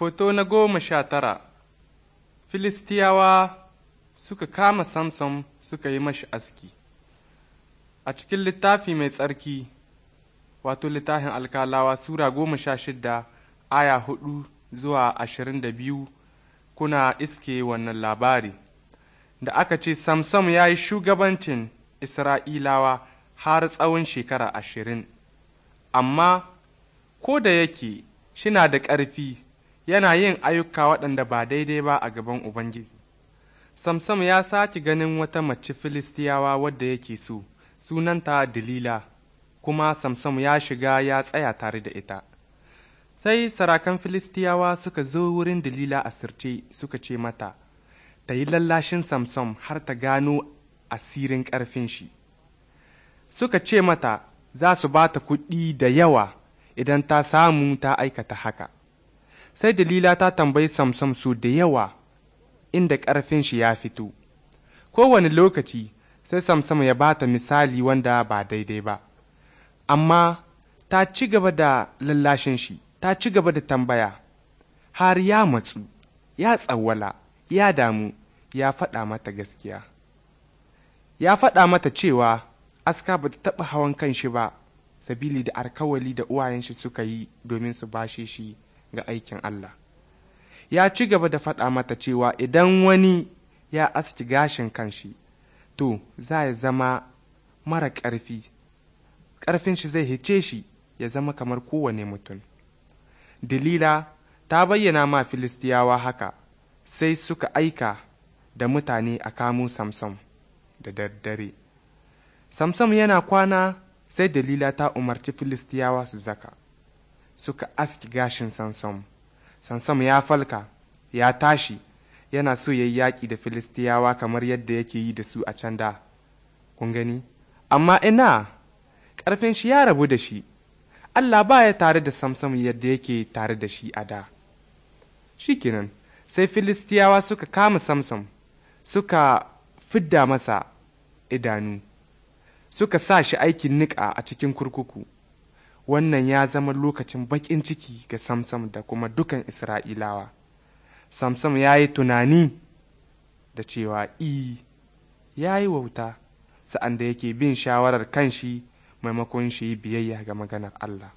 Foto na goma sha tara Filistiyawa suka kama Samson suka yi mashi aski A cikin littafi mai tsarki, wato littafin alkalawa Sura goma sha shidda, aya hudu zuwa ashirin da biyu kuna iske wannan labari. Da aka ce Samson ya yi shugabancin Isra'ilawa har tsawon shekara ashirin, amma ko da yake shina da ƙarfi. yana yin ayyuka waɗanda ba daidai ba a gaban Ubangiji. Samsam ya sake ganin wata mace Filistiyawa wadda yake so, sunanta Dalila, kuma Samsam ya shiga ya tsaya tare da ita. Sai sarakan Filistiyawa suka zo wurin Dalila a sirce suka ce mata, ta yi lallashin Samsam har ta gano asirin ƙarfin shi. Suka ce mata za su ba ta kuɗi da yawa idan ta samu ta aikata haka. sai dalila ta tambayi samsam su da yawa inda ƙarfin shi ya fito kowane lokaci sai samsam ya bata misali wanda ba daidai ba amma ta ci gaba da lallashin shi ta ci gaba da tambaya har ya matsu ya tsawwala ya damu ya faɗa mata gaskiya ya faɗa mata cewa aska ba ta taɓa hawan kan shi ba sabili da alkawali da uwayen shi suka yi domin su bashe shi ga aikin Allah. Ya ci gaba da faɗa mata cewa idan wani ya aski gashin kanshi, to za ya zama mara ƙarfi, ƙarfin shi zai hice shi ya zama kamar kowane mutum. Dalila ta bayyana ma Filistiyawa haka, sai suka aika da mutane a kamu Samson da daddare. Samson yana kwana sai Dalila ta umarci Filistiyawa su zaka. suka aski gashin Sansom. Sansom ya falka, ya tashi, yana so ya yi yaƙi da Filistiyawa kamar yadda yake yi da su a can da. Kun gani? Amma ina, ƙarfin shi ya rabu da shi, Allah ba ya tare da Samsam yadda yake tare da shi a da. Shi kenan, sai Filistiyawa suka kama Samsam, suka fidda masa idanu, suka sa shi aikin niƙa a cikin kurkuku. wannan ya zama lokacin baƙin ciki ga samsam da kuma dukan isra'ilawa samsam ya yi tunani da cewa i ya yi wauta sa'an da yake bin shawarar kanshi maimakon shi biyayya ga maganar allah